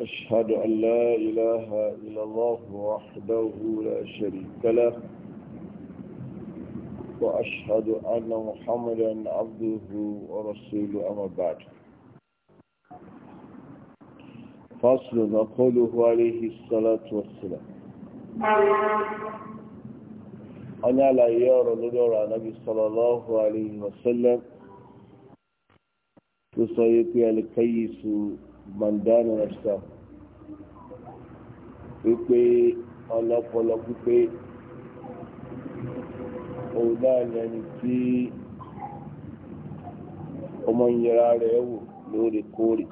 أشهد أن لا إله إلا الله وحده لا شريك له وأشهد أن محمدا عبده ورسوله أما بعد فصل نقوله عليه الصلاة والسلام أنا لا يرى ندر النبي صلى الله عليه وسلم تصيب الكيس mandana nafsa wípé ọlọ́pọlọ pípé òun náà ni ẹni tí ọmọ ìyẹra rẹ̀ wò lóòrèkóòrè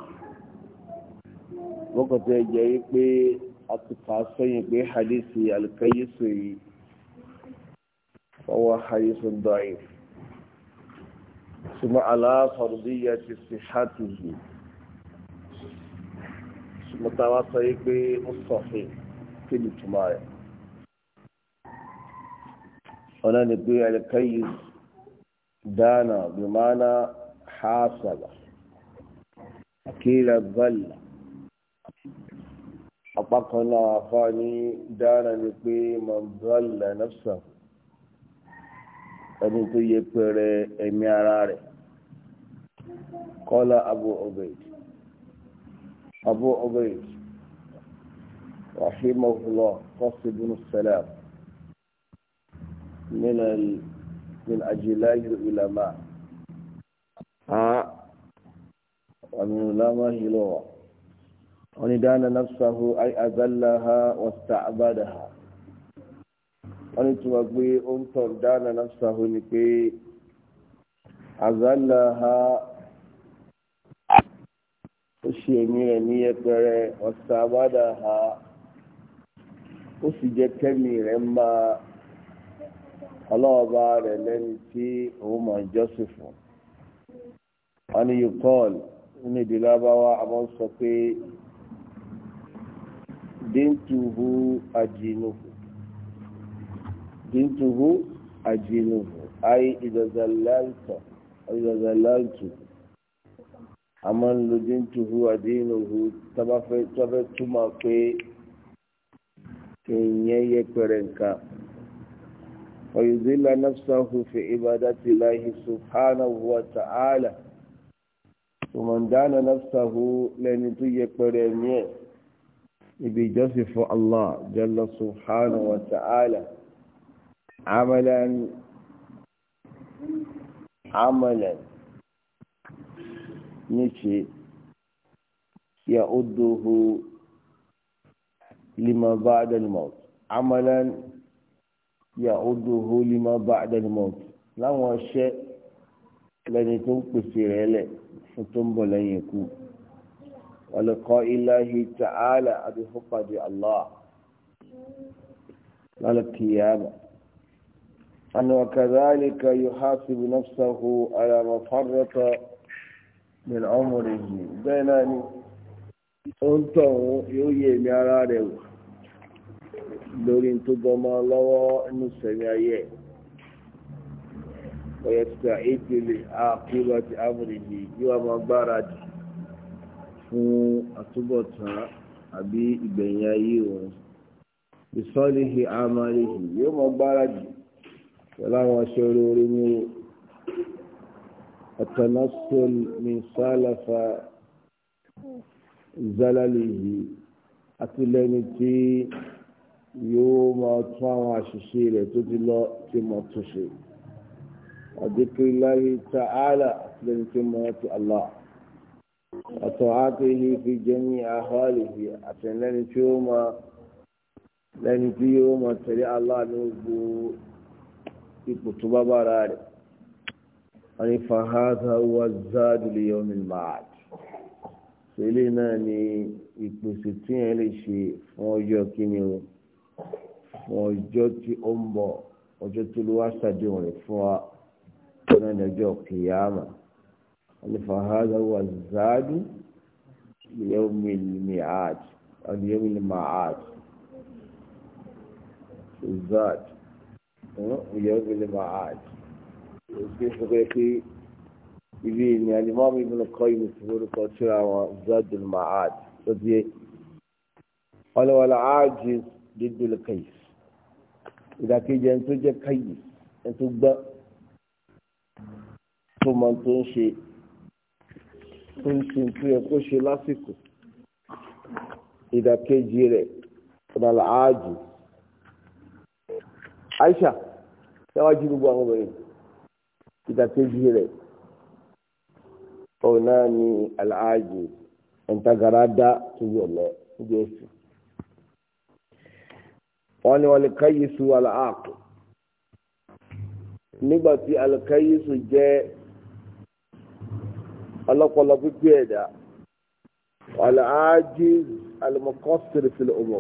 wọ́n kàn tẹ́ jẹ́ wípé a ti kà á sẹ́yìn pé hadisi alkayisu yìí wọ́n wá hadisi da'if ṣùgbọ́n aláfàrúdíyà ti sihatihi yìí mọ́ta wá sọ yí pé ó sọ̀fẹ́ kí ni túmọ̀ rẹ̀ ọ̀nà ni pé alikayi dana bimana hasala akila zalla apá kan náà afá ní dana ni pé man nafsa ẹni tó yẹ pẹrẹ ẹ̀mí ara rẹ̀ kọ́lá abu obeid أبو عبيد رحمه الله قص بن السلام من ال... من أجلاء العلماء ومن علماء هلوة وندان نفسه أي أذلها واستعبدها ونتوى بي أنتر دان نفسه نكي أذلها ó ṣe ẹ̀mí rẹ̀ ní yẹpẹrẹ ọ̀sà àbádà ha ó sì jẹ́ kẹ́mi rẹ̀ ń bá ọlọ́ọ̀bá rẹ̀ lẹ́ni tí òun mọ̀ jọ́sìn fún. wọ́n ní yukọ́ọ̀lù nínú ìdílé abáwá àmọ́ sọ pé díntuhu àjìnùhù díntuhu àjìnùhù ayé ìdọ̀zàláìtọ̀ ìdọ̀zàláìtọ̀ a máa ń lo díntùhú àdínùhú tábàfẹ́ túmọ̀ pé èèyàn yẹpẹrẹ nǹkan ọ̀yùdílà nafsahu fi ibadati lahi subhanahu wa ta'ala tòmọ̀ndánà nafsahu lẹ́ni tó yẹpẹrẹ ní ẹ̀ ibi ìjọsìn fún Allah jalla subhanahu wa ta'ala amalan amalan nyeche ya udhuhu lima ba'da al-maut amalan ya udhuhu lima ba'da al-maut la wa she la ni tun kusirele tun bolan yeku wal qailahi ta'ala abi hubbi allah lalaki ya ba an wa kadhalika yuhasibu nafsahu ala ma farrata min ọmọrin yìí bẹ́ẹ̀ náà ni ó ń ara rẹ̀ wò lórí tó bọ́mọ lọ́wọ́ inú sẹ̀mí ayé ẹ̀ ti ta ìpele àkúrò àti amọ̀rin yìí yóò wá máa gbáradì fún àtúbọ̀tán àbí ìgbẹ̀yìn ayé òun ìsọ́lẹ̀hì àmàlẹ̀ yìí pẹ̀lú àwọn aṣọ orí orí ní التنصل من سالف زلله أتلني تي يوم أطفال عششيرة تدلو تم أتشي وذكر الله تعالى أتلني تم الله وطاعته في جميع أحواله أتلني تيوم لنتي تيوم تري الله نبو يكتب برارك àní fàhádà wà zádìlì yọmi màd sẹlẹ náà ni ìpèsè tí yẹn lè ṣe fún ọjọ́ kíni o fún ọjọ́ tí ó ń bọ̀ ọjọ́ tí olúwa ṣàdéhùn rẹ̀ fún wa náà ní ọjọ́ kìyàmà àní fàhádà wà zádìlì yọmi màd àní yọmi màd zádìlì yọmi màd ògbé sọgbẹ pé ibi ni alimami ibn Qayyim ti lórúkọ tíra wọn Zadul Ma'ad tó di ọlọwọlọ áàjì dídúlẹ kayis ìdàkejì ẹni tó jẹ kayis ẹni tó gbọ́ tó mọ tó ń ṣe tó ń ṣe tó yẹ kó ṣe lásìkò ìdàkejì rẹ̀ ọlọlọ áàjì Aisha ṣáwájú gbogbo àwọn obìnrin ìdàkejì rẹ̀ òun náà ni alhaji ẹ̀ńtàgàràdá tó yọ̀lẹ̀ níbi ẹ̀sìn. wọ́n ní wọ́n ní káyísù alhaji nígbà tí alkayisu jẹ́ ọlọ́pọlọ pípé ẹ̀dá alhajiz almukọ́sìrì fìlẹ̀ ọmọ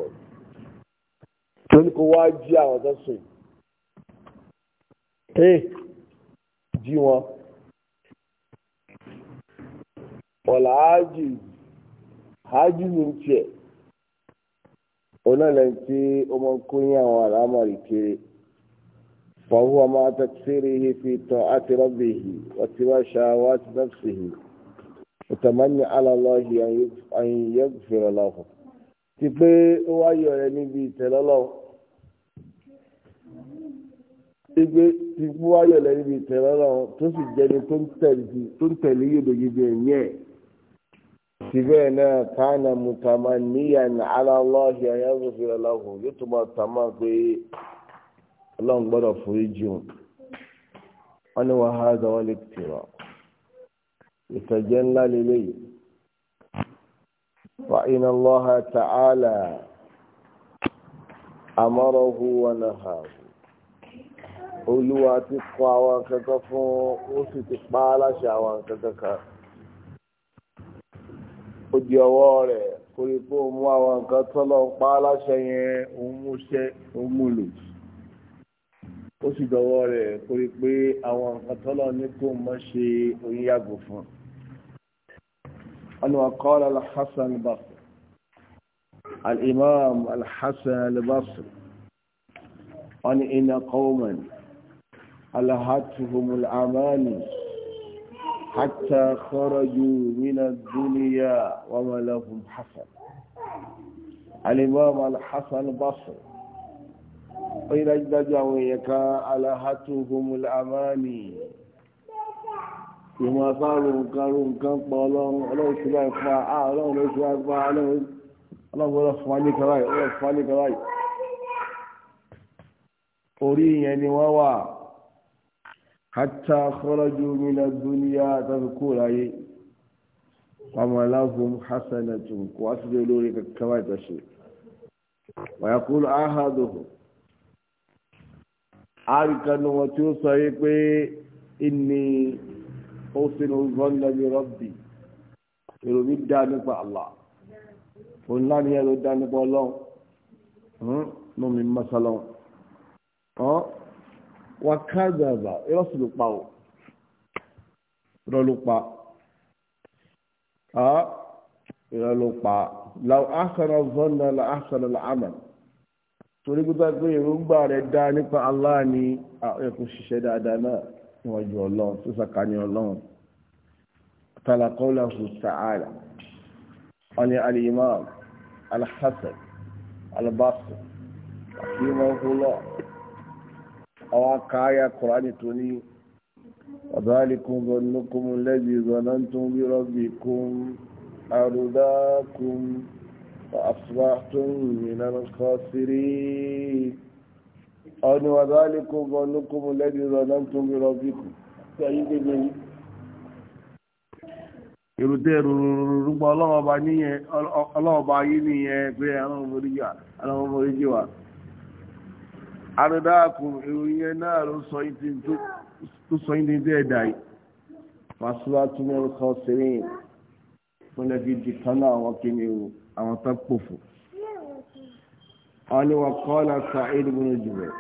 tó ní kó wá jí àwọn tó sùn jí wọn ọ̀là ájì ájì ní tiẹ̀ onáàlẹ́ tí ó máa ń kó ní àwọn àlámọ̀rì kiri فهو مع تكسيره في طاعة ربه واتباع شهوات نفسه وتمني على الله أن يغفر له. Ti pé ó wáyọ̀ rẹ̀ níbi ìtẹ̀lọ́lọ́wọ́ igbe ti mú ayọ̀ lẹ́yìn bíi tẹ̀lé ọlọ́run tó sì jẹni tó ń tẹ̀lé tó ń tẹ̀lé yóòdògidì ẹ̀yìn ẹ̀. síbẹ̀ náà kánà mùtàmá níyà ní aláwọ̀lọ́ọ̀hì ayáwòsí ọlọ́hùn yóò tó máa tàmá pé ọlọ́run gbọ́dọ̀ forí jùn. wọ́n ní wàá hàzà wọ́n lè tìrọ̀. ìtẹ̀jẹ́ ńlá lélẹ́yìí. fa iná lọ́ha ta'ala amọ́rọ̀hu wọn náà hàbù olúwa ti kọ àwọn kankan fún ó sì ti pa á láṣẹ àwọn kankan kan ó di ọwọ́ rẹ̀ kó rí pé òun mú àwọn nǹkan tọ́lọ̀ ń pa á láṣẹ yẹn òun mú ṣẹ́ òun mú lò ó sì dọwọ́ rẹ̀ kó rí pé àwọn nǹkan tọ́lọ̀ ní kó mọ́ ṣe òun yàgò fún wọn. wọn kọ́ ọ́ al imam al al-Basri wọn ni inna qawman. ألهتهم الأماني حتى خرجوا من الدنيا وما لهم حسن الإمام الحسن البصري قيل اجدجوا يكا ألهتهم الأماني ìmọ̀ afárò nǹkan ro nǹkan pọ̀ ọlọ́run ọlọ́run ti báyìí fún wa ọlọ́run ló ti wá gbá ọlọ́run ọlọ́run fún wa ní kàwáì ọlọ́run fún wa ní kàwáì orí ìyẹn ni wọ́n wà hátà kọ́lọ́jú mina dúníyà tàbí kó láyé pàmòláhùn hasanatun kò wá sílẹ̀ lórí kankan wá ìtàṣe wàyàkúrò áhàdùn àríkanu wọn tí ó sọ yí pé inni ó sinú zọ́nà mi rọ́bì èrò mi dá nípa Allah òun láníyàn ló dá nípa ọlọ́run nù mí mọ́sálọ́run wà kádàbà irọ́ sì ló pa o irọ́ ló pa ah, irọ́ ló pa làwọn àṣàrà zọ́nà là àṣàrà là àmà torí gbígbà pé èròǹgbà rẹ̀ dá nípa Allah ni ẹ̀kún ṣiṣẹ́ dáadáa náà níwájú ọlọ́run tó sàkání ọlọ́run talakọ́lá hù sàárà wọn ni al-imam al-hasan al-basri rahimahullah àwọn káyà kùránì tó ní ọ̀dọ́lẹ́kùn gbọ́nukùn lẹ́bí gbọ́nàntún bí rọ́bì kún àrùdákùn فأصبحتم من الخاسرين أن وذلكم ظنكم الذي ظننتم بربكم سيدنا irute rúrúrúrúgbọ́ ọlọ́wọ́ bá yí nìyẹn pé àwọn ọmọ oríjì àrídáàkùn ìròyìn náà ló sọ ìdí tó sọ ìdí dé ẹ̀dà yìí fàṣúwà tún mẹ́rin sọ sẹ́yìn fúnlẹ̀ fi di kan náà àwọn kìíní o àwọn tó pòfò. àwọn ni wọ́n kọ́ ọ́ la Sa'id ibn Jubayr.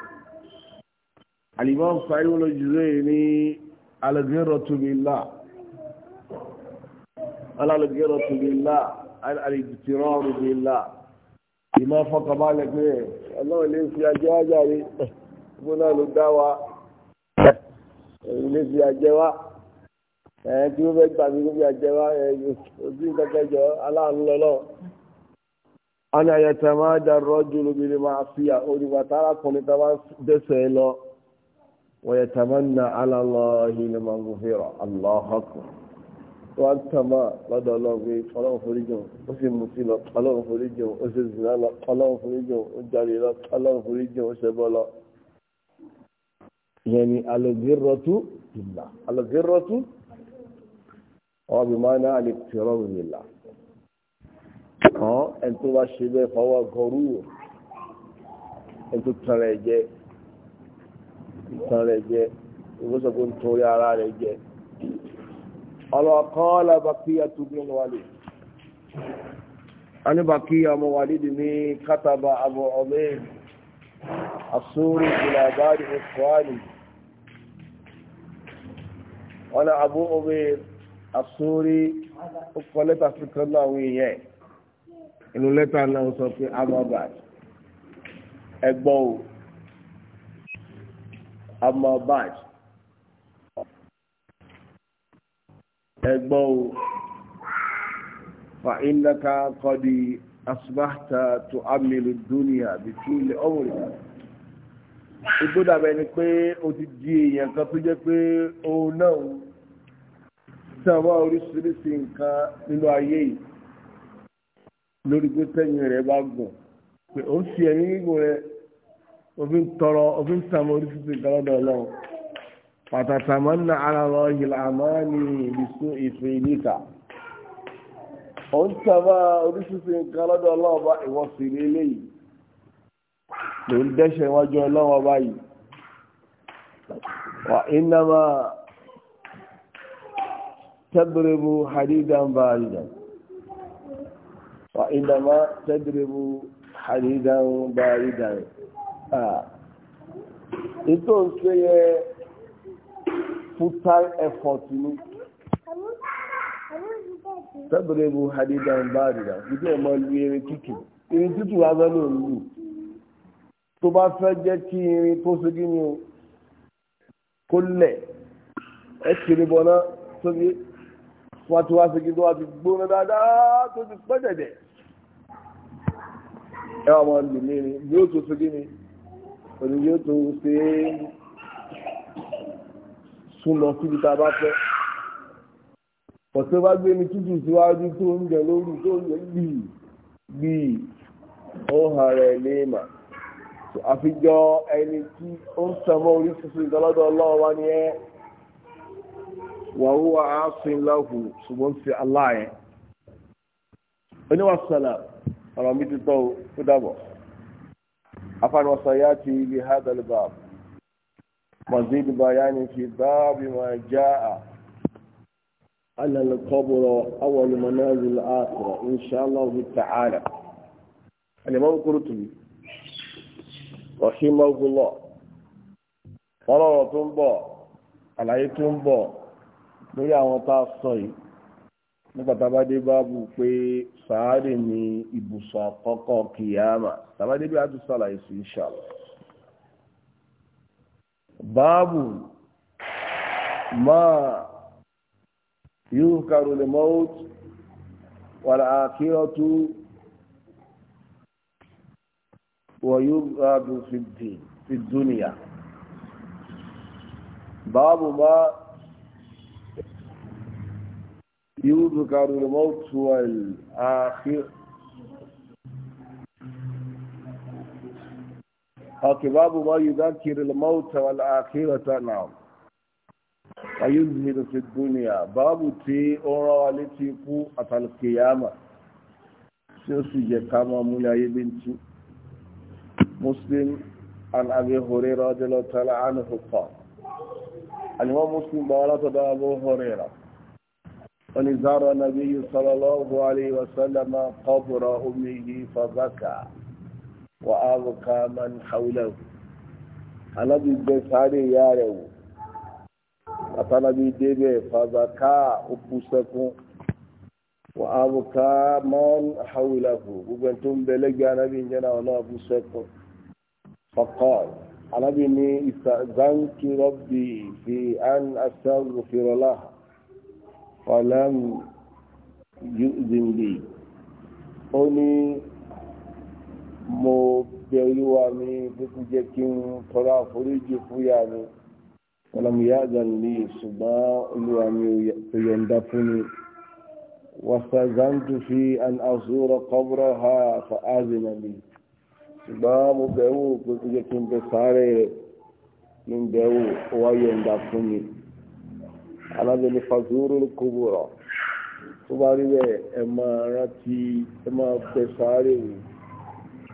Al-Imam Sa'id ibn Jubayr ní al-ghirratu billah. al-ghirratu billah al-ightirar billah. ìmọ̀ fọkànbalẹ̀ pé ọlọ́run lè fi ajẹ́ wá jàre gbogbo náà ló dá wa èyí lè fi ajẹ́ wá ẹ̀ tí wọ́n fẹ́ gbà mí ló fi ajẹ́ wá ẹ̀ òsì kankan jọ aláàánú lọ́lọ́ ana yẹtẹ máa dàrọ jùlọ bí ní máa fi à onígbàtà arákùnrin tá a bá dẹ́ṣẹ̀ lọ wọ́n yẹtẹ máa ń na alálọ́ọ̀hìn ní máa ń gbòfin rọ̀ aláhàkùn wọ́n tàmà lọ́dọ̀ ọlọ́gbé ọlọ́run foríjì ó sì mú sí lọ ọlọ́run foríjì ó sì zìnà lọ ọlọ́run foríjì ó jáde lọ ọlọ́run foríjì ó ṣẹbọ lọ. ìyẹn ni alògérọ́tú ìlà alògérọ́tú ọwọ́ bí máa ń náà lè fi ọlọ́run ìlà. kàn ẹni tó bá ṣe bẹ́ẹ̀ fọwọ́ gọrú wò ẹni tó tan rẹ̀ jẹ tan rẹ̀ jẹ ìwọ́sọ̀kò ń torí ara rẹ̀ jẹ ọ̀rọ̀ kan lábàkíyà tó bí ọmọ wàlẹ̀ anibàkíyà ọmọ wàlẹ̀ dì ní kátàbà àbọ̀ ọ̀bẹ́ asúrù ìlàbárí ìfọ́àlì wọ́n na àbọ̀ ọ̀bẹ́ asúrù ọkọ̀ lẹ́tà sí kan náà wọ́n yẹ inú lẹ́tà náà sọ pé amaba ẹgbọ́n o ẹgbọ́ o fa innaka qad asbahta tu'ammilu dunya bitul umri ìgbódàbẹ̀ ni pé o ti di èèyàn kan tó jẹ́ pé òun náà sàwọn oríṣiríṣi nǹkan nínú ayé yìí lórí pé tẹ́yìn rẹ̀ bá gùn pé ó ń fi ẹ̀mí gígùn rẹ̀ òfin tọrọ òfin sàmọ́ oríṣiríṣi nǹkan lọ́dọ̀ ọlọ́run fàtàtàmánà ara rọ ìlàmánì ìbísú ìfẹ́ níta ó ń tàbá oríṣiríṣi nǹkan lọ́dọ̀ ọlọ́ọ̀bá ìwọ̀sì lélẹ̀ yìí ló ń dẹ́ṣẹ̀ iwájú ọlọ́ọ̀bá yìí wà ìnáma tẹ́dùrẹ́bù hadidan baridan wà ìnáma tẹ́dùrẹ́bù hadidan baridan ètò ìṣẹ́yẹ full effort ni tẹ́bùrẹ́ bu hadida ń bá rìrà ìdí ẹ̀ máa lu irin tútù irin tútù wa fẹ́ ló ń lù tó bá fẹ́ jẹ́ kí irin tó ṣe kí ni o kó lẹ̀ ẹ kiri bọ̀ náà sóbi wọ́n ti wá ṣe kí tó wá ti gbóná dáadáa tó ti pẹ́ dẹ̀dẹ̀ ẹ wà máa lù ní irin yóò tó ṣe ni òní yóò tó ṣe é sún lọ síbi tá a bá fẹ́ pọ̀tẹ́ wá gbé ní tútù síwájú tó ń jẹ lórí tó ń gbì gbì ó hàn rẹ̀ ní ìmà àfijọ́ ẹni tí ó ń sọmọ́ orí tuntun ìdọ́lọ́dọ̀ ọlọ́run wá ní ẹ́ wàhùn wà á sin lọ́hù ṣùgbọ́n ti aláàyẹ oníwà sọ̀là ọ̀rọ̀ mi ti tọ́ ó dàbọ̀ afáàní yá ti ibi hádàlú مزيد بيان في باب ما جاء أن القبر أول منازل الآخرة إن شاء الله تعالى الإمام قرطبي رحمه الله ọlọ́rọ̀ tó ń bọ̀ àlàyé tó ń bọ̀ lórí àwọn tá a sọ yìí nípa tabadé báàbù pé sàárè ni ibùsọ̀ àkọ́kọ́ kìyàmà tabadé bí a ti sàlàyé sí inshallah babu ma yuhkaru al-maut wal akhiratu wa yubadu fi din fi dunya babu ma yuhkaru al-maut wal akhiratu أوكي باب ما يذكر الموت والآخرة نعم ويزهد في الدنيا باب تي أورا والتي كو أتى القيامة سيسجى كما ملاي بنتي مسلم عن أبي هريرة رضي الله تعالى عنه قال الإمام مسلم بارة أبو هريرة ونزار النبي صلى الله عليه وسلم قبر أمه فبكى wà á bò ká máa ń hawlẹ̀ wò anábì gbé sáré ìyá rẹ̀ wò àtànàbì débẹ̀ fàbàkà òkú sẹ́kún wà á bò ká máa ń hawlẹ̀ wò gbogbo tó ń bẹ lẹ́gbẹ̀ẹ́ anábì fi án aṣáájú fìrọ́lá ọ̀làmù yóò zimbi ó mo bẹ olúwa mi bó ti jẹ́ kí n tọrọ àforíjì fúyà mi ọlọ́mìyá àgbàlè ṣùgbọ́n olúwa mi ò yọ̀ǹda fún mi wàsàzántù fi an àzúrọ̀ kọ́bùrọ̀ ha fa áàzìnà mi ṣùgbọ́n mo bẹ̀ wò bó ti jẹ́ kí n bẹ sáré rẹ̀ kí n bẹ̀ wò yọ̀ǹda fún mi alábẹ̀lẹ̀ fàzúrò kọ́bùrọ̀ tó bá rí bẹ́ẹ̀ ẹ máa rántí ẹ máa bẹ sáré rẹ̀.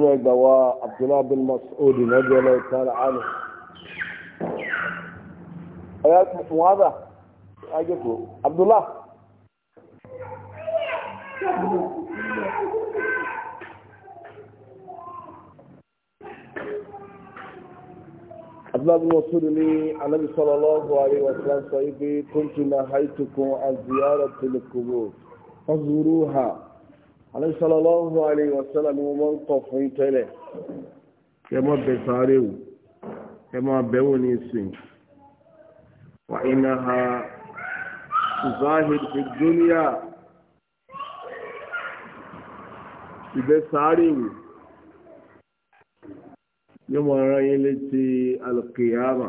nínú ẹgbà wa abdullahi bin mas'ud nẹ́bí ọlọ́ọ̀tàlá àná ọ̀yá muhaza ajẹ́kọ̀ọ́ abdullahi abdullahi bin mas'ud ní anabi sallallahu alaihi wa sallam sọ ibi kuntu nahaytukum an ziyarati al-qubur fazuruha alẹ́sọ̀lọ́lọ́hù alayhi wa sallam ni wọ́n mọ́ ń kọ̀ fún tẹ́lẹ̀ kẹ mọ́ bẹ sáré wò kẹ mọ́ bẹ̀wò ní ìsìn wà iná ha zahid fi dúníà ìbẹ sáré wò yóò mọ ara yín létí alùkìyàmà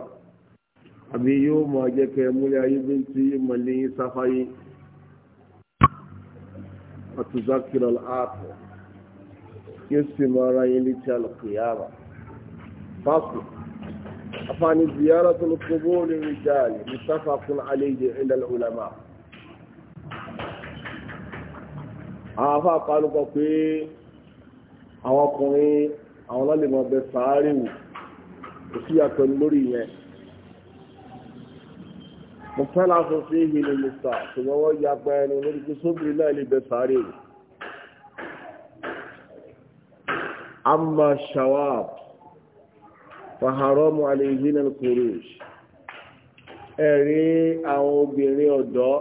àbí yóò mọ jẹ́ múlẹ̀ ayé bí ń ti mọ̀lẹ́yìn sáfáyé. وتذكر الآخرة يسمى رأيلك القيامة فصل أفعل زيارة القبور للرجال متفق عليه عند العلماء àáfà pálùkọ pé àwọn ọkùnrin àwọn lọ́lẹ̀mọ̀ bẹ sàárè wò kò sí àtọ̀ mọ̀tálà fún sí ìhìnlẹ̀ mr ṣùgbọ́n wọ́n ya pa ẹnu lórí pé sóbìrì náà lè bẹ sáré amma shawab faharamu alayhinal kurush ẹ̀rí àwọn obìnrin ọ̀dọ́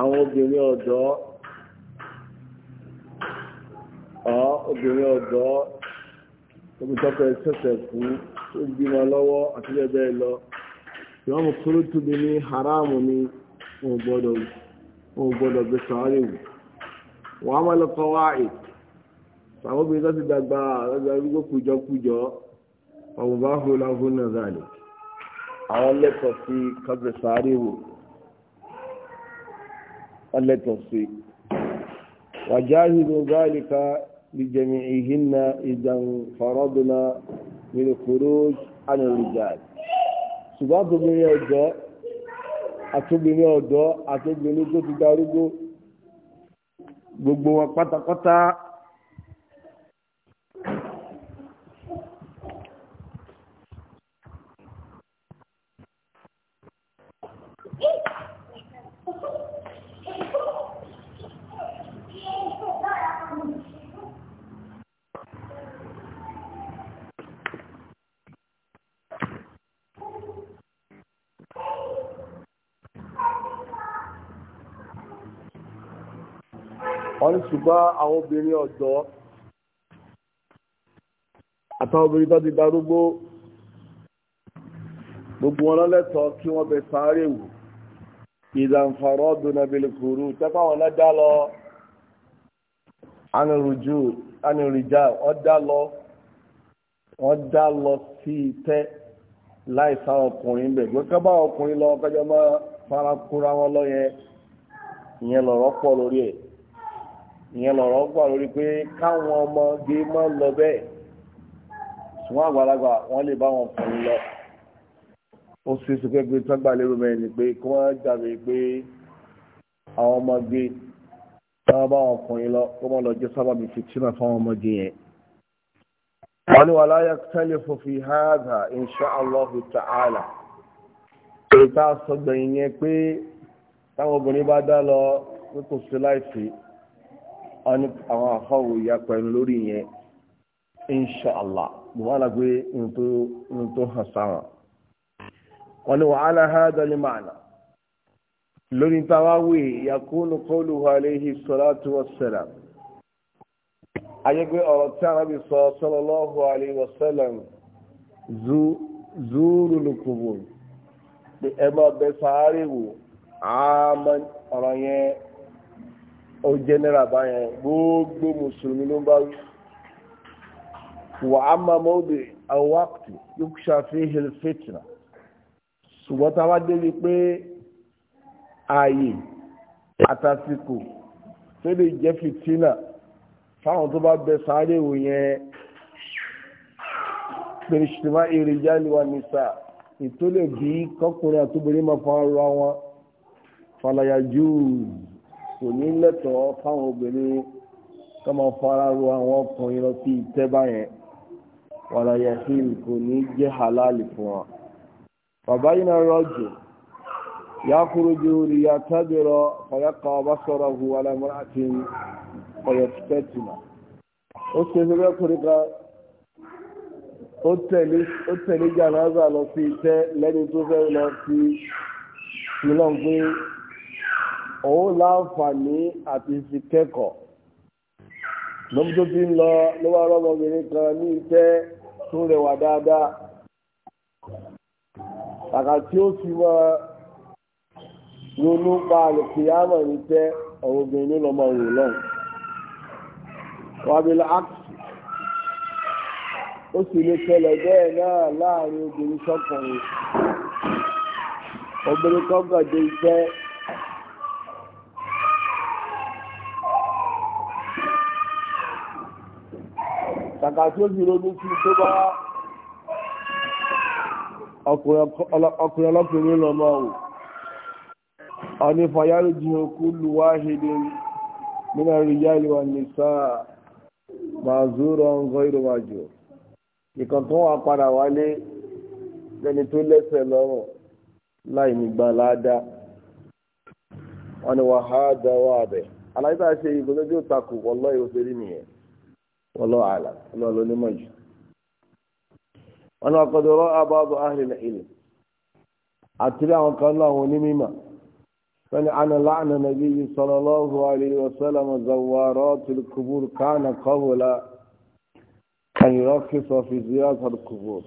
àwọn obìnrin ọ̀dọ́ ọ̀ obìnrin ọ̀dọ́ obìnrin ọ̀dọ́ tó gbí wọn lọ́wọ́ àti bẹ́ẹ̀ bẹ́ẹ̀ lọ ìwọ́n mú kúrú tóbi ní haramu ní wọn gbọ́dọ̀ gbé sàárè wù wọ́n á máa lọ kọ́ wáì àwọn obìnrin láti dàgbà lọ́gbà rúgbó kùjọkùjọ ọ̀hún bá hó láhùn náà zàlẹ̀ àwọn lẹ́tọ̀ọ́ sí kábẹ̀ sàárè wù wọ́n lẹ́tọ̀ọ́ sí wàjáhìrò zàlìkà lìjẹ̀mì ìhìnnà ìjànfàrọ́dúnà nínú khuruj anil rijal ṣùgbọ́n àtòbìnrin ọ̀dọ́ àtòbìnrin ọ̀dọ́ àtòbìnrin tó ti darúgbó gbogbo wọn pátápátá ń ṣùgbọ́n àwọn obìnrin ọ̀dọ́ àtàwọn obìnrin tó ti darúgbó gbogbo wọn lọ́lẹ́tọ̀ọ́ kí wọ́n bẹ sáré wò ìdànfàrọ́ dùnàbílẹ̀ kúrú tẹ́pá náà dá lọ anirujú anirija wọ́n dá lọ wọ́n dá lọ sí ìtẹ́ láì ọkùnrin bẹ̀ gbẹ́kẹ́ bá ọkùnrin lọ kọjọ́ máa fara kúra wọn lọ yẹn ìyẹn lọ̀rọ̀ pọ̀ lórí ẹ̀ ìyẹn lọ̀rọ̀ gbà lórí pé káwọn ọmọge máa lọ bẹ́ẹ̀ ṣùgbọ́n àgbàlagbà wọ́n lè bá wọn fún lọ ó sì sọ pé tán gbà lérò mẹ́rin ni pé kí wọ́n dàbí pé àwọn ọmọge táwọn bá wọn fún lọ kó wọ́n lọ jẹ́ sábàbí fìtínà fáwọn ọmọge yẹn. wọ́n ní wala yaktalifu fi hadha insha Allahu ta'ala èyí tá a sọ gbẹ̀yìn yẹn pé táwọn obìnrin bá dá lọ pé kò sí láìsí àwọn afọ́wò ya pẹ̀lú lórí yẹn inṣàlá mo wà lágbé tó hàn sáwọn wọn ni wàhálà ha dalí màánà lórí tàwáwì yakúnù kọlù aléhi sọ́látù wọ́sẹ̀lá ayẹ́gbé ọ̀rọ̀ tí arábì sọ sọ́lọ́lọ́hù aléhi wọ́sẹ̀lá zúúrù lùkùbù ẹ máa bẹ àmọ́ ọ̀rọ̀ yẹn ó jẹ́nẹ́rà báyẹn gbogbo mùsùlùmí ló ń bá wí wà á máa mọ́bì àwọ́pì yóò ṣàfihàn fìtìnà ṣùgbọ́n tá a wá débi pé ààyè àtàsìkò tó lè jẹ́ fìtìnà fáwọn tó bá bẹ sáré wò yẹn pèrèṣìmá èrèjà ni wà ní sáà ètò bí kọkùnrin àtúbọ̀rẹ́ máa fa ọrọ̀ wọn fàlàyà jùù. kò ní lẹ́tọ̀ọ́ fáwọn obìnrin ká máa fara ro àwọn ọkùnrin lọ sí ìtẹ́ báyẹn wàlàyé hill kò ní jẹ́ halali fún wa. bàbá yìí náà rọ́jò yakuruju liyatabira fayaqa basarahu ala imra'atin fayaftatinuha. ó ṣe o kúrò ká ó tẹ̀lé jàǹdà lọ sí ìtẹ́ lẹ́ni tó fẹ́ lọ sí ìlọ́n òun láǹfààní àti fi kẹ́kọ̀ọ́ lọ́mọdé tí ń lọ ló wá rọ́mọbìnrin kan ní iṣẹ́ tó rẹwà dáadáa kàkà tí ó fi mọ́ ronú pa àlùkìyàmọ̀ ní iṣẹ́ àwọn obìnrin lọ́mọ òun lọ́hùn wàbílá áksì ó sì lè ṣẹlẹ̀ bẹ́ẹ̀ náà láàrin obìnrin sọ́kùnrin obìnrin kọ́gbọ̀dé iṣẹ́ kàkà tí ó sì ronú sí tó bá ọkùnrin ọlọ́kùnrin lọ́mọ ò ọ̀ní fàyàrí jí okú lùwá hìdí nínú ìyá ìlú ànìsá màzúrọ̀ ọ̀ngọ́ ìrọ̀wájò ìkan tó wà padà wálé lẹ́ni tó lẹ́sẹ̀ lọ́rùn láì nígbà láàdá wọn ni wàhálà dáwọ́ àbẹ̀ aláìsà ṣe ìgbónájú òtakù wọ́lọ́ ìwòsàn nìyẹn والله أعلم الله له لمج أنا قد رأى بعض أهل العلم أتبع قال الله نميما فأنا لعن النبي صلى الله عليه وسلم زوارات القبور كان قبل أن يرخص في زيارة القبور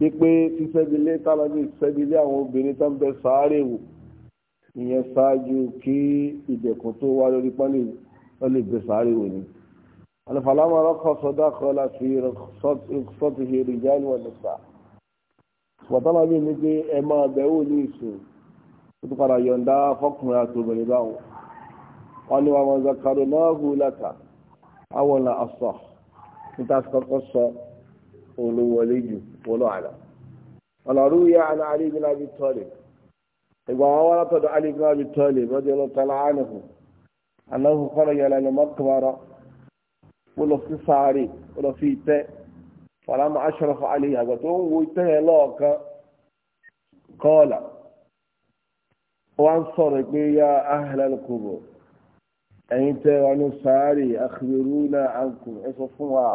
pípé fífẹ́bilé tálábí fẹ́bilé àwọn obìnrin tó ń bẹ sáré wò ìyẹn ṣáájú kí ìdẹ̀kùn tó wá lórí sáré wò ni. أنا فلما رخص دخل في رخصته رجال ونساء وطلب مني إما بيولي سوء وتقرأ يندا فقم ياتوب لباو قال وما ذكرناه لك أولا الصح كنت أذكر قصة ولو ولي ولو على قال روي عن علي بن أبي طالب وعورة علي بن أبي طالب رضي الله تعالى عنه أنه خرج إلى المقبرة mo lọ sí sáré mo lọ sí ìtẹ́ fàlámà aṣọ́rọ̀fà alẹ́ àgbà tó ń wo ìtẹ́ yẹn lọ́ọ̀kan kọ́ọ̀là wọ́n ń sọ̀rọ̀ pé yá ahlal kubur ẹ̀yin tẹ́ wa ní sáré akhbiruna ankum ẹ sọ fún wa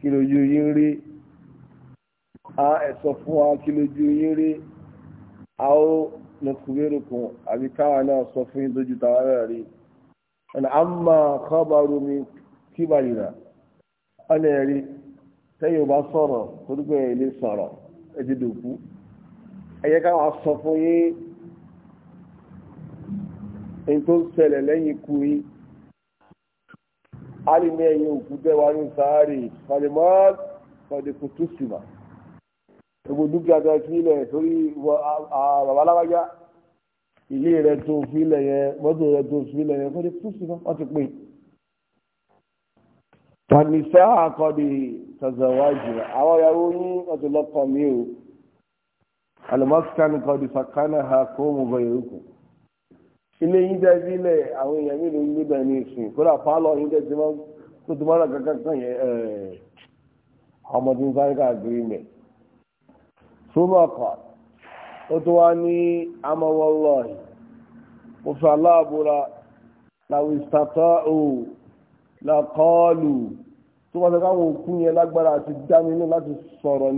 kí lójú yín rí a ẹ sọ fún wa kí lójú yín rí a ó nukubirukum àbí káwa náà sọ fún yín dójú tàwa rẹ̀ rí. أما خبر من kíbarìrà ọ̀nà ẹ̀rí tẹ́yìn bá sọ̀rọ̀ torípé ilé sọ̀rọ̀ ẹ̀dí dòkú ẹ̀yẹ káwọn sọ fún yín èyí tó ń ṣẹlẹ̀ lẹ́yìn ikú yín a lè ní ẹ̀yìn òkú dẹ́wà ní sáárì fàdìmọ́ fàdìkù túsìmà gbogbo dúkìá tó fi ilẹ̀ sórí babaláwájá ilé rẹ̀ tó fi ilẹ̀ yẹn mọ́tò rẹ̀ tó fi ilẹ̀ yẹn fàdìkù túsìmà wọ́n ti pè é. tàníṣà àkọ́dé tazawájú àwọn ìyàwó yín ọ̀tún mi o alimọ́sítánì kọ́dé sàkánà kó mo bọ̀ yòókù. ilé yín jẹ́ sílẹ̀ àwọn èèyàn mi ló ń gbé ní ìsìn kódà pálọ̀ yín jẹ́ tó mọ́ra kankan kan yẹn àwọn ọmọdé ń sáré káàkiri mẹ́. ọkọ̀ ó wá ní làkọ́ọ̀lù tó wọ́n sọ káwọn òkú yẹn lágbára àti dáminú láti sọ̀rọ̀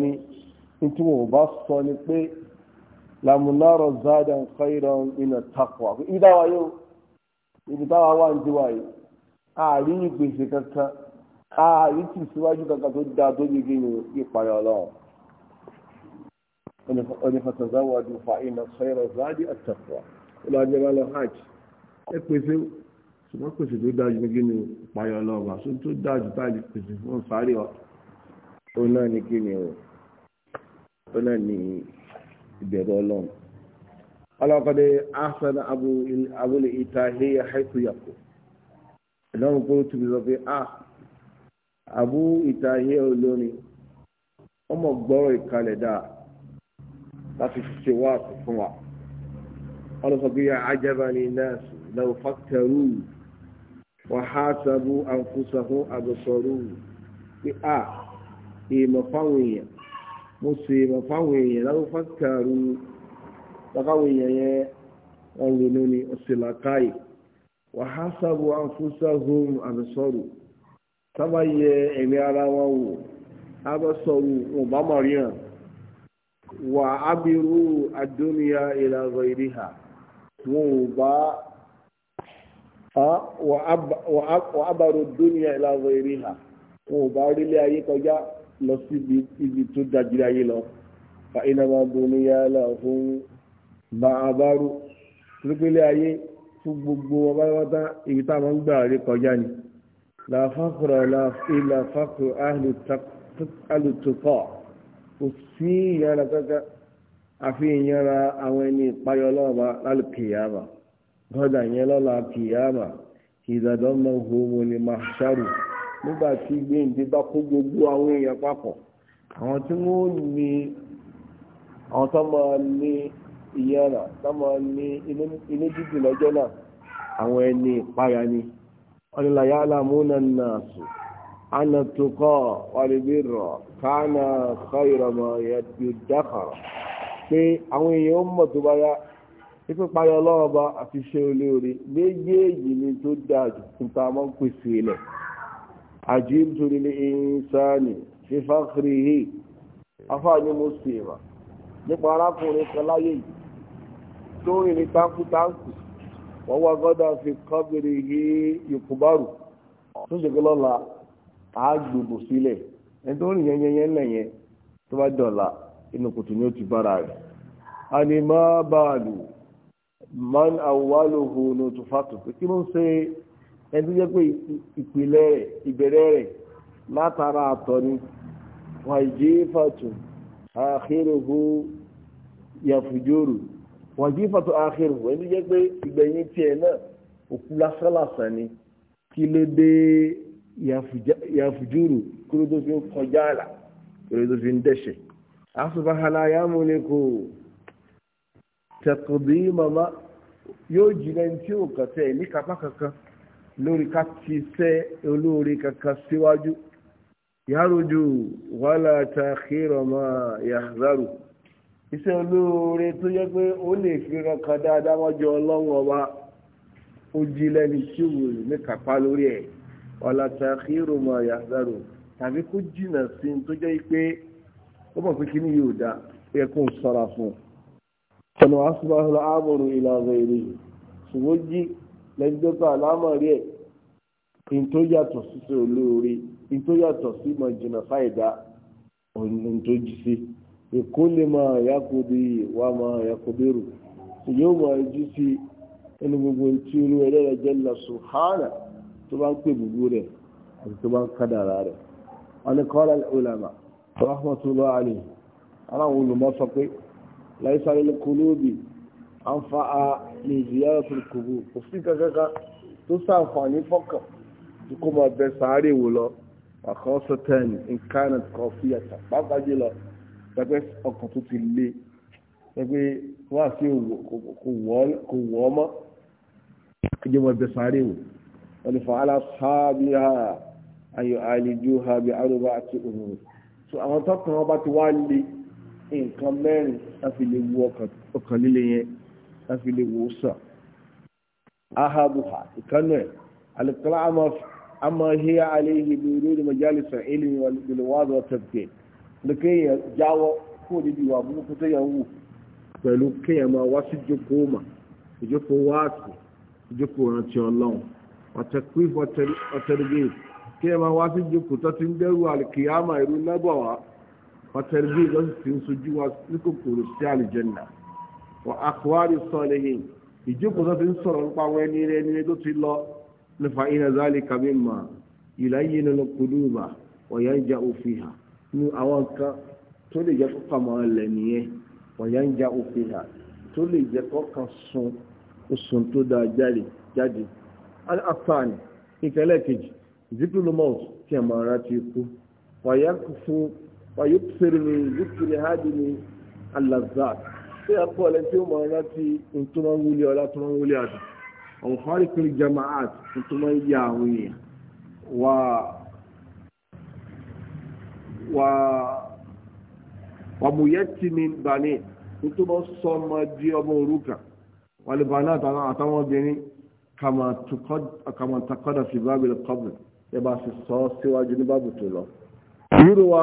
ni tí wọ́n bá sọ ni pé làmúnárọ̀ záàdà nǹkan ìran iná takwa ibi táwa yóò ibi táwa wà ní tiwa yìí ààrí ìgbèsè kankan ààrí tì síwájú kankan tó dáa tó yege ní ìparí ọlọ́run onífàtàzáwádùú fa iná sọ́yẹ̀rọ̀ záàdì àtàkùn ọlọ́run ajẹ́ bá lọ hajj ẹ ṣùgbọ́n pèsè tó dájú ní gíní ìpayọ̀ ọlọ́ọ̀bà ṣùgbọ́n tó dájú báyìí pèsè fún sáré ọ̀ ó náà ní gíní o ó náà ní ìbẹ̀rù ọlọ́run. ọlọ́kọ̀dé asan abúlé ìta heya haiku yàkó ìdáhùn kó tóbi sọ pé a abú ìta heya olórin ọmọ gbọ́rọ̀ ìkalẹ̀ dáa láti ṣe wá fún wa. ọlọ́kọ̀dé ajabani náà lọ́wọ́ fàkítẹ́rù. wàhásábù àǹkúsàhún àbùsọ̀rù pé a èèmọ̀ fáwọn èèyàn mo sì èèmọ̀ fáwọn èèyàn lábọ́ fásitì lákàwọn èèyàn yẹn wọn ronú ni ọ̀sẹ̀ làkàyè wàhásábù àǹkúsàhún àbùsọ̀rù sábà yẹ ẹ̀mí ara wọn wò àbùsọ̀rù wọn bá mọ̀ ríran wà ábírú àdúnyà ìlànà ìrìhà wọn ò bá. wà á bàrò dúnìá ìlànà eré hà wọn ò bá ayé kọjá lọ síbi ibi tó dájúlé ayé lọ fa iná máa dúnìá lahum bá a bá rú rípélé ayé fún gbogbo wọn ibi tá ń gbà rí kọjá ni làfàkùrọ̀ làfàkùrọ̀ àlùtùkọ̀ kò sí ìyára kankan àfi ìyára àwọn ẹni ìpayọ̀ lọ́jà yẹn lọ́la kìyàmà ìdàdọ́mọ̀ homo ni mahsharu nígbà tí gbéǹde bá kó gbogbo àwọn èèyàn papọ̀ àwọn tí wọ́n ní àwọn tó máa ní ìyára tó máa ní inú dídì lọ́jọ́ náà àwọn ẹni ìpayà ni ọ̀nìlàyà alámúnà náà sùn anatukọ ọ̀rẹ́bìrọ̀ kánà kọ́ ìrọ̀mọ̀ yẹn ti dákàrọ̀ pé àwọn èèyàn ó tó bá yá pípípayọ ọlọ́ọ̀ba àti ṣe olóore méjèèjì ni tó fún ta mọ́ pèsè ilẹ̀ fi fakhrihi afáàní mo sì rà nípa arákùnrin kan láyé yìí tó rìn ní tákútákù wọ́n wá gọ́dà fi qabrihi yukubaru tó ṣe lọ́la àágbòbò sílẹ̀ ẹni tó rìn yẹnyẹnyẹ lẹ́yẹn tó bá dọ̀la inú kùtù ni ó ti bára rẹ̀ àní man awwaluhu nutfatu kí ló ń ṣe ẹni tó jẹ́ pé ìpìlẹ̀ rẹ̀ ìbẹ̀rẹ̀ rẹ̀ látara àtọ̀ ni wàjífàtù àkírùhù yàfùjúrù wàjífàtù àkírùhù ẹni jẹ́ pé ìgbẹ̀yìn tiẹ̀ náà òkú lásánlàsán ni kí ló dé yàfùjúrù kí tó fi ń kọjá àlà kí tó fi ń dẹ́ṣẹ̀ asùbáhálà yàmúlẹ́kọ̀ọ́ tẹ̀kùdí mama yóò jìnà tí ó kàtẹ́ ní kápá kankan lórí ká ti sẹ́ olóore kankan síwájú yàrójú wàhálà tàkìrọ̀ máa yàrárù iṣẹ́ olóore tó yẹ pé ó lè fi rankan dáadáa wájú ọlọ́run ọba ó jí lẹ́ni tí ó wòye ní kápá lórí ẹ̀ wàhálà tàkìrọ̀ máa yàrárù tàbí kó jìnà sí tó jẹ́ pé ó mọ̀ pé kí ni yóò dá ó sọ́ra fún un ọ̀nà asùnmáhùn àmọ̀rò ìlànà èrè ṣùgbọ́n jí lẹ́gbẹ́ta àlámọ̀rí ẹ̀ kí n tó yàtọ̀ síse olóore kí n tó yàtọ̀ sí mọ̀ jìnnà fáìdá ọ̀nà tó jí sí èkó lè máa yákòbí wà máa yákòbérò yóò máa jí sí ẹni gbogbo tí olú ẹlẹ́rẹ̀ jẹ́ lọ sùhánà tó bá ń pè gbogbo rẹ̀ àti tó bá ń kádàrà rẹ̀ wọn ni kọ́lá ulama rahmatulahi aláwọn olùmọ́ pé laisa lil qulubi anfa'a li ziyaratil qubur kò sí kankan tó sàǹfààní fọ́kàn tí kò máa bẹ sàárè wò lọ àkọ́ sọ́tẹ́ẹ̀nì incarnate kan fi ẹ̀sà pàápàá jùlọ pẹpẹ ọkàn tó ti le pẹpẹ wá sí kò wọ́ mọ́ kí wọ́n bẹ sáré wò wọ́n ni fàálà sáábí ha ayò àlejò ha bí arúgbó àti òmùrù so àwọn tọkàn ọba ti wá le nǹkan mẹ́rin a fi lè wo ọkàn líle yẹn a lè wo sàn ahabuha ìkànnì ẹ̀ alìkọ́lá àmọ́ híyá aléhi bí orí orí majalis ilmi bilwadu tafkir ní kéèyàn jáwọ́ kó níbi ìwà burúkú tó yàn wù pẹ̀lú kéèyàn máa wá sí jókòó mà ìjókòó wáàsì ìjókòó rántí ọlọ́run kéèyàn máa wá sí tó ti ń dẹ́rù ìrú lẹ́bọ̀ wá wàtẹ̀rẹ̀bí lọ sí ń sojú wa ní kòkòrò sí àlìjẹ́nà wọ́n akọ̀wárí sọ lẹ́yìn ìjókòó tó fi ń sọ̀rọ̀ nípa àwọn ẹni rẹ̀ ní tó ti lọ nípa iná záàlì kàmí mà ìlà yìí nínú kùdùmà ọ̀yà ń ja òfin hà ní àwọn nǹkan tó lè jẹ́ kọ́kàn mọ́ ẹlẹ̀ nìyẹn ọ̀yà ń ja òfin hà tó lè sun oṣùn tó dáa jáde jáde aláfààní ìkẹlẹ́ kejì zikulu mọ́ọ̀tù tí a máa rántí ikú ọ̀yà fàyọ́pẹ̀rẹ̀mì yọ́pẹ̀rẹ̀ hádìní alazat tí a pọ̀ lẹ́tí ó máa rántí ntọ́mọ́wúlé ọlá tọ́mọ́wúlé àdù àwọn fárikiri jamaat ntọ́mọ́ yí àwọn èèyàn wà wà wàmúyẹ́tì ní bani ntọ́mọ́ sọmọ di ọmọ òrukàn wàlùbánà àtàwọn obìnrin kàmà takọ́dà sí bábìlì kọ́bù ẹ bá sì sọ síwájú ní bábù tó lọ. yúrò wa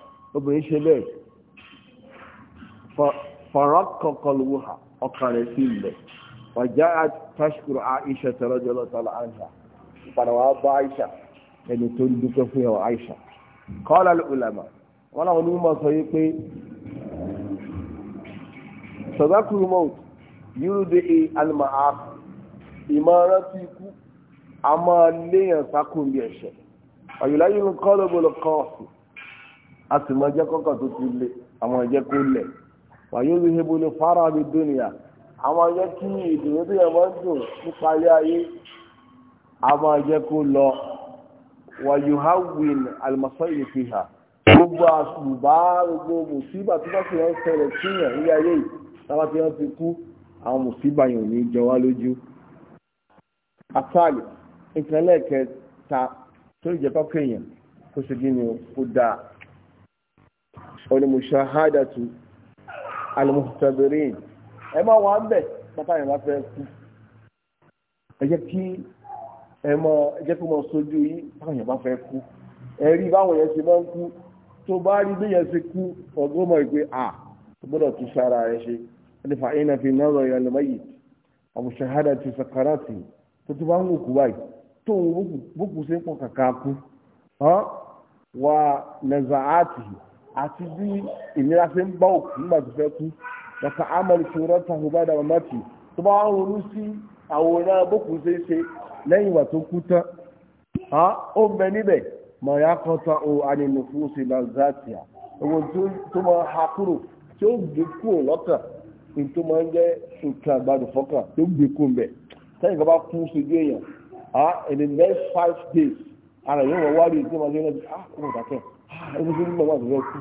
obìnrin ṣe bẹ́ẹ̀ farakọkọlùwà ọkàn rẹ̀ sí ilẹ̀ wàjá tashkuru aisha tẹ́lọ́jọ́lọ́ tọ́lá aisha padà bá aisha ẹni tó ń dúpẹ́ fún ẹwà aisha kọ́lá ulama wọ́n láwọn onímọ̀ sọ yí pé sọ̀dákùrù mọ́ọ̀t yúrùdé alma áàpù ìmọ̀ràn tí a máa léèyàn sákùnrin ẹ̀ṣẹ̀ ọ̀yùláyìn kọ́lọ́bọ̀lọ́ a sì mọ ẹjẹ́ kọ́kàn tó ti le àwọn ẹjẹ́ kó lẹ̀ wàyó ló hebo ní fara mi dóníyà àwọn ẹjẹ́ kí ìdùnnú tó yẹ mọ́ ń dùn nípa ayé ayé àwọn ẹjẹ́ kó lọ wàyó ha win alimọ̀sọ́ yìí fi hà gbogbo àṣùbá gbogbo mùsíbà tó bá fi hàn ṣẹlẹ̀ síyàn ní ayé yìí tábà fi hàn ti kú àwọn mùsíbà yìí ní jẹ wá lójú. àtàlẹ̀ ìkànnì ẹ̀kẹta tó lè jẹ́ pápẹ́ èèyàn kó ṣe kí ni ó dáa ọ̀nà mushahadatu almuhtabirin ẹ máa wà ń bẹ̀ pátá yẹn bá fẹ́ kú ẹ jẹ́ kí ẹ mọ ẹ jẹ́ kí wọ́n sojú yín pátá yẹn bá fẹ́ kú ẹ rí báwọn yẹn ṣe máa ń kú tó bá rí bí yẹn ṣe kú ọgbọ́n mọ̀ pé à gbọ́dọ̀ tún sára ẹ ṣe ẹni fa iná fi náà lọ yẹn lọ́mọ yìí àmushahadatu tó tó bá ń wò báyìí tó ń wò sí pọ̀ kàkà kú wa nazaatihi àti bí ìnira ṣe ń bá òkú nígbà tó fẹ́ kú lọ́sàn ámàlì ṣe rán tàbí bá dàbà mọ́tì tó bá ń ronú sí àwòrán bókun ṣe ṣe lẹ́yìn ìwà tó kú tán ó ń bẹ níbẹ̀ mọ̀ ya kan tán o ànínú fún ṣe lanzatia owó tó máa ha kúrò tí ó gbé kúrò lọ́kàn ní tó máa ń jẹ́ nǹkan àgbàdo fọ́kàn tó gbé kúrò ń bẹ̀ sẹ́yìn kan bá kú ṣojú èèyàn in the next five days ara yóò wọ́n wá rí ìdí ọmọdé ẹni tó ń bọ̀ wà tó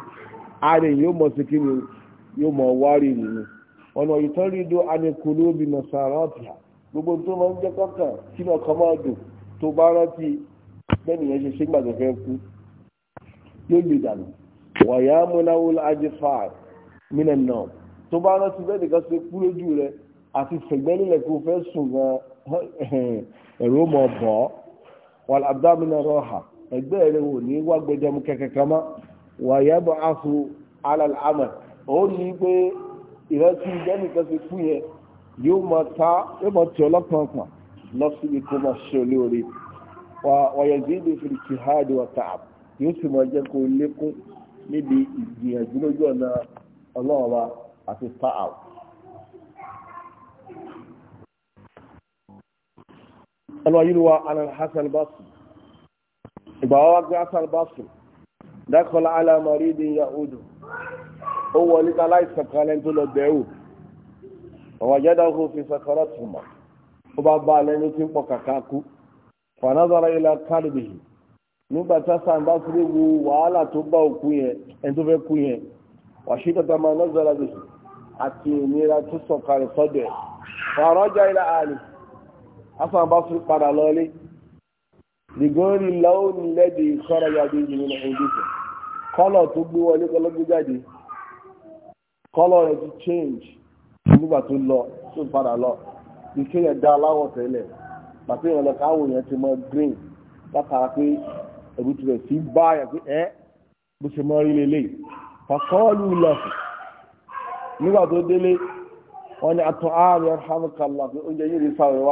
fẹ́ kú yóò mọ̀ sí kí ni yóò mọ̀ wárí nìyẹn ọ̀nà ìtọ́rídó anìkúló bí nasarọ́tìá gbogbo tó máa ń jẹ́ kọ́kà kí náà kọ́ máa dùn tó bá rántí bẹ́ẹ̀ nìyẹn ṣe ṣe gbàgbọ́ fẹ́ kú yóò lè dànù wàyà múnáwó ajífà mínà náà tó bá rántí bẹ́ẹ̀ nìkan ṣe kú lójú rẹ àti fẹ̀gbẹ́nilẹ̀ kó fẹ́ sùn gan ẹ̀rọ mọ̀ bọ́ wàlá abdáminà rọ́hà ẹgbẹ́ rẹ̀ wò ní wá gbẹjẹmú kẹkẹkẹ mọ́ wàyẹ́bọ̀ áfù alàlámà ó ní pé ìrẹsì jẹ́nìkan ti kú yẹn yóò mọ ta yóò mọ tí ọlọ́kan kan lọ síbi kó máa ṣe olóore wàyẹ̀dì ìdè fi ti ha ìdè wọ̀ta yóò sì mọ jẹ́ kó lékún níbi ìgbìyànjú lójú ọ̀nà ọlọ́ọ̀ba àti ta'aw. Alwa yi ruwa Alal Hassan ìgbà wọ́n wá gbé hasan basu dákọ̀lá alamari di yahudu ó wọlé tá láìsàn kan lẹ́ni tó lọ bẹ̀rù ọ̀wọ́ jẹ́dá kó fi sàkọ́rọ̀ tùmọ̀ ó bá bá lẹ́ni tí ń pọ̀ kàkà kú fanazara ilà kálíbìhì nígbà tí hasan basu lè wo wàhálà tó bá òkú yẹn ẹni tó fẹ́ kú yẹn wàṣí tata máa nọ́zara bìhì àti ìnira tó sọ̀kalẹ̀ sọ́dọ̀ fàrọ́jà ilà àlè hasan padà lọ́lé bìgọ́rì láwùn lẹ́dí sọ́rọ̀ yàgbé ìjìnlẹ̀ ní ìdíkẹ̀ kọ́lọ̀ tó gbé wọlé kọ́lọ́gbé jáde kọ́lọ̀ rẹ̀ ti change nígbà tó lọ tó lọ ìkẹ́ ya lọ káwọn yẹn ti mọ green látara pé ẹ̀rù tirẹ̀ sí bá yẹn pé ẹ́ bó ṣe mọ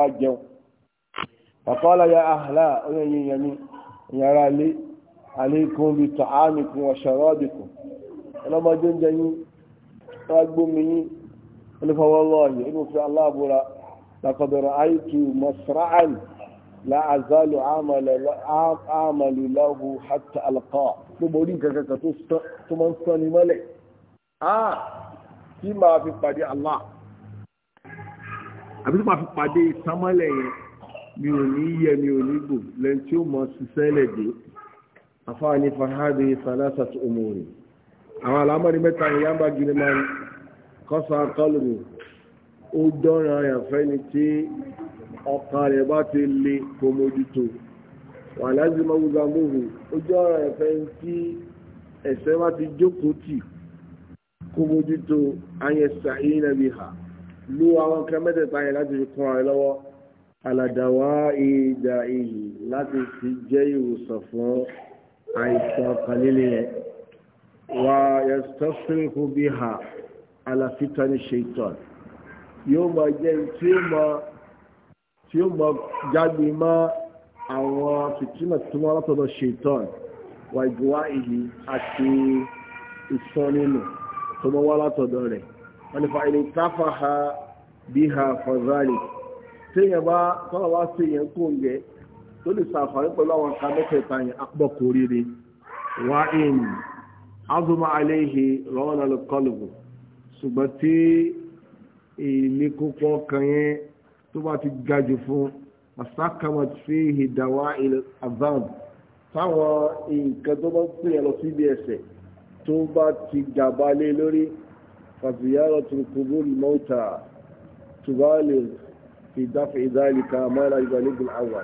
rí fàkọ́lá ya àhàlá oyè yìí yẹn ní ìyàrá ilé àlékún bíi tọ́ àmìkún ọ̀ṣọ́rọ́ ọ̀dìkún ọlọ́mọdé oúnjẹ yín wọ́n gbómi yín olùfọwọ́lọ́ọ̀yìn inú fi aláàbúra lakọ̀bẹ̀rẹ̀ àìtù masra'an láàzálù àmàlù láhù hàtà alqa gbogbo orí kankanka tó máa ń sọ ní mọ́lẹ̀ ah kí máa fi pàdé àbí tó máa fi pàdé sánmọ́lẹ̀ yẹn mi ò ní yẹ mi ò ní gbò lẹ́yìn tí ó mọ ṣiṣẹ́ lẹ́dẹ̀ àfáàní fahadé salasat umuri àwọn alámọ̀rí mẹ́ta ìyámbá gínímọ̀ kọ́sà tọ́lùmù ó dọ́ra àyànfẹ́ ni tí ọkàn rẹ̀ bá ti le kò mójútó wà láti mọ wùzàmùhù ó dọ́ra àyànfẹ́ ni tí ẹ̀sẹ̀ bá ti jókòó tì kò mójútó ayẹsà ìyínàbíhà lu àwọn kan yẹn láti fi kún ara lọ́wọ́ alàdàwà ìdà ìyí láti fi jẹ́ ìwòsàn fún àìsàn kàlílé yẹn wà yastafrihu biha alàfíta ní ṣètọ́n yóò máa jẹ́ tí ó máa jágbe mọ́ àwọn fìtínà tó máa látọ̀dọ̀ ṣètọ́n wà ìgbòwá ìyí àti ìsán nínú tó máa wá látọ̀dọ̀ rẹ̀ wọ́n ní fa ìlú táfà ha bí ha fọ́zálì téèyàn bá tọ́lọ̀ wá sí èèyàn kó ń gẹ tó lè sàfàrí pẹ̀lú àwọn nǹkan mẹ́tẹ̀ẹ̀ta yẹn àpọ̀kù oríire wá in azuma aléhe rọ́nà lè kọlùbù ṣùgbọ́n tí èmi kókó kan yẹn tó bá ti ga jù fún asakamat fi hidawa il azab táwọn nǹkan tó bá pè yẹn lọ sí ibi ẹsẹ̀ tó bá ti gàba lórí fàziyarọ̀ tó kúrú mọ́ta tùbálẹ̀ fi dáfẹ́ ìdáríkà mọ́lá ìgbàlógún àwà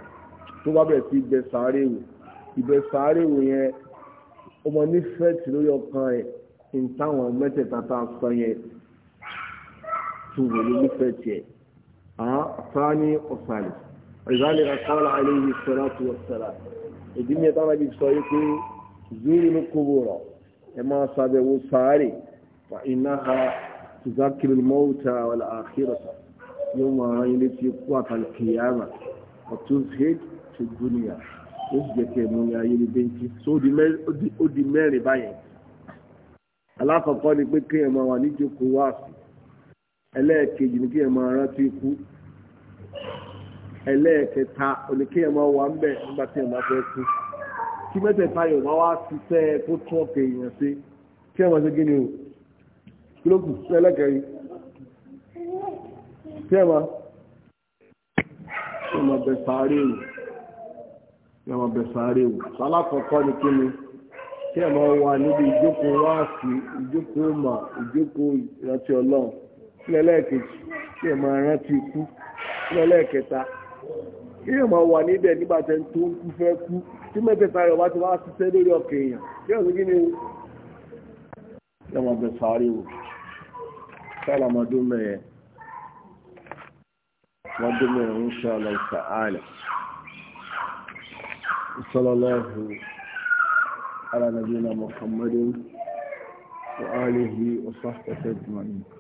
tó bá bẹ̀rẹ̀ sí ibẹ̀ sàárè wò ibẹ̀ sàárè wò yẹn ọmọ nífẹ̀ẹ́ tí ló yọ kan ẹ̀ ń táwọn mẹ́tẹ̀ẹ̀ta tá a sọ yẹn tó wò ló nífẹ̀ẹ́ tiẹ̀ àá sáání ọ̀sàlẹ̀ ìdáríkà kọ́lá aléyìí sọ́lá tó sọ́lá ìdí mi táwọn ibi sọ yìí pé zúrú ló kóbó rọ̀ ẹ máa ṣàbẹ̀wò sàárè fa iná tùzákìrì mọ́wútà wàlá àkírọ̀tà yóò máa rán ilé tí kú àtàlùkìyàmà ọ̀tún hate to dunia ó sì jẹ́ kí ẹ̀mú ní ayé ní bẹ́ńkì tó ó di mẹ́rin báyẹn. alákọ̀ọ́kọ́ ni pé kéèyàn máa wà níjókòó wáàsí ẹlẹ́ẹ̀kejì ni kéèyàn máa rántí ikú ẹlẹ́ẹ̀kẹta òní kéèyàn máa wà ń bẹ̀ nígbà tí èèyàn bá fẹ́ kú kí mẹ́tẹ̀ẹ̀ta yorùbá wá ṣiṣẹ́ kó tún ọ̀kẹ́ èèyàn ṣe kí ẹ̀ máa ṣe gíní o kí ló kù sí ẹlẹ́kẹrin tẹ́wà ẹmọ bẹ̀sàárẹ̀wò ẹmọ bẹ̀sàárẹ̀wò alákọ̀ọ́kọ́ ni kí ni kí wà níbi ìjókòó wáàsí ìjókòó mà ìjókòó ìrántí ọlọ́run sílẹ̀ lẹ́ẹ̀kejì kí ẹmọ rántí ikú sílẹ̀ lẹ́ẹ̀kẹta kí ẹmọ wà níbẹ̀ nígbà tó ń kú kú tí ودمنا إن شاء الله تعالى صلى الله على نبينا محمد وآله وصحبه أجمعين